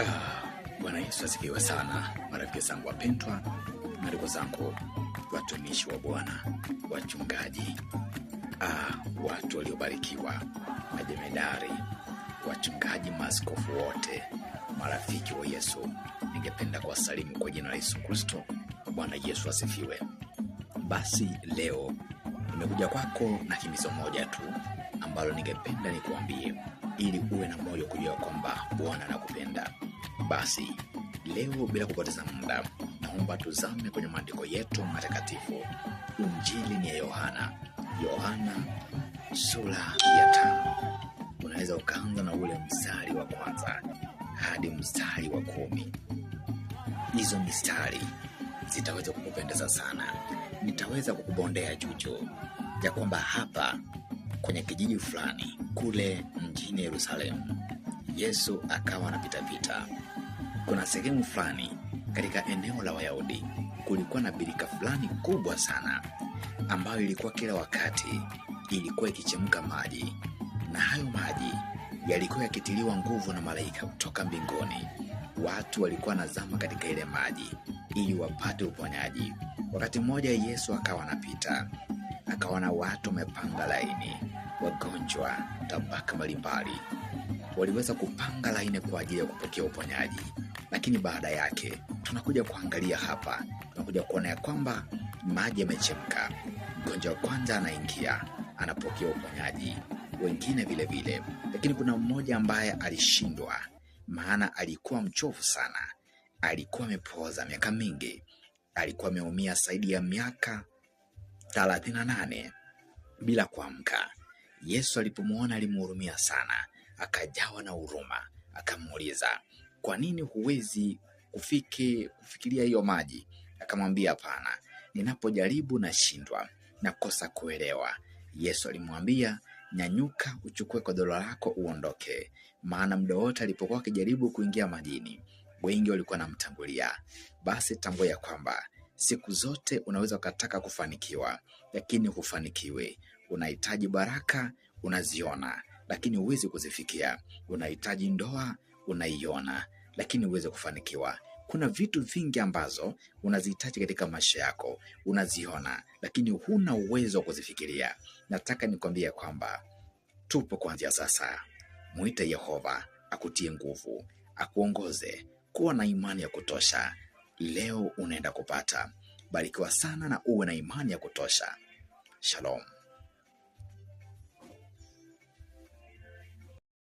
Ah, Bwana Yesu asifiwe sana, marafiki zangu wapendwa na ndugu zangu watumishi wa Bwana, wachungaji ah, watu waliobarikiwa, majemedari, wachungaji, maaskofu wote, marafiki wa Yesu, ningependa kuwasalimu kwa jina la Yesu Kristo. Bwana Yesu asifiwe. Basi leo nimekuja kwako na himizo moja tu ambalo ningependa nikuambie, ili uwe na moyo kujua kwamba Bwana anakupenda. Basi leo bila kupoteza muda, naomba tuzame kwenye maandiko yetu matakatifu. Injili ni ya Yohana, Yohana sura ya tano. Unaweza ukaanza na ule mstari wa kwanza hadi mstari wa kumi. Hizo mistari zitaweza kukupendeza sana, nitaweza kukubondea juju ya kwamba hapa kwenye kijiji fulani kule mjini Yerusalemu Yesu akawa anapitapita. Kuna sehemu fulani katika eneo la Wayahudi kulikuwa na birika fulani kubwa sana ambayo ilikuwa kila wakati ilikuwa ikichemka maji, na hayo maji yalikuwa yakitiliwa nguvu na malaika kutoka mbinguni. Watu walikuwa wanazama katika ile maji ili wapate uponyaji. Wakati mmoja Yesu akawa anapita, akaona watu wamepanga laini, wagonjwa, tabaka mbalimbali waliweza kupanga laini kwa ajili ya kupokea uponyaji. Lakini baada yake tunakuja kuangalia hapa, tunakuja kuona ya kwamba maji yamechemka. Mgonjwa wa kwanza anaingia, anapokea uponyaji, wengine vile vile, lakini kuna mmoja ambaye alishindwa, maana alikuwa mchovu sana, alikuwa amepooza miaka mingi, alikuwa ameumia zaidi ya miaka thelathini na nane bila kuamka. Yesu alipomwona alimhurumia sana, akajawa na huruma, akamuuliza kwa nini huwezi kufiki kufikiria hiyo maji? Akamwambia hapana, ninapojaribu nashindwa, nakosa kuelewa. Yesu alimwambia nyanyuka, uchukue godoro lako uondoke. Maana muda wote alipokuwa akijaribu kuingia majini, wengi walikuwa namtangulia. Basi tambua ya kwamba siku zote unaweza ukataka kufanikiwa, lakini hufanikiwe. Unahitaji baraka, unaziona lakini huwezi kuzifikia. Unahitaji ndoa, unaiona, lakini huwezi kufanikiwa. Kuna vitu vingi ambazo unazihitaji katika maisha yako, unaziona, lakini huna uwezo wa kuzifikiria. Nataka nikwambie kwamba tupo kuanzia sasa. Mwite Yehova akutie nguvu, akuongoze. Kuwa na imani ya kutosha. Leo unaenda kupata. Barikiwa sana na uwe na imani ya kutosha. Shalom.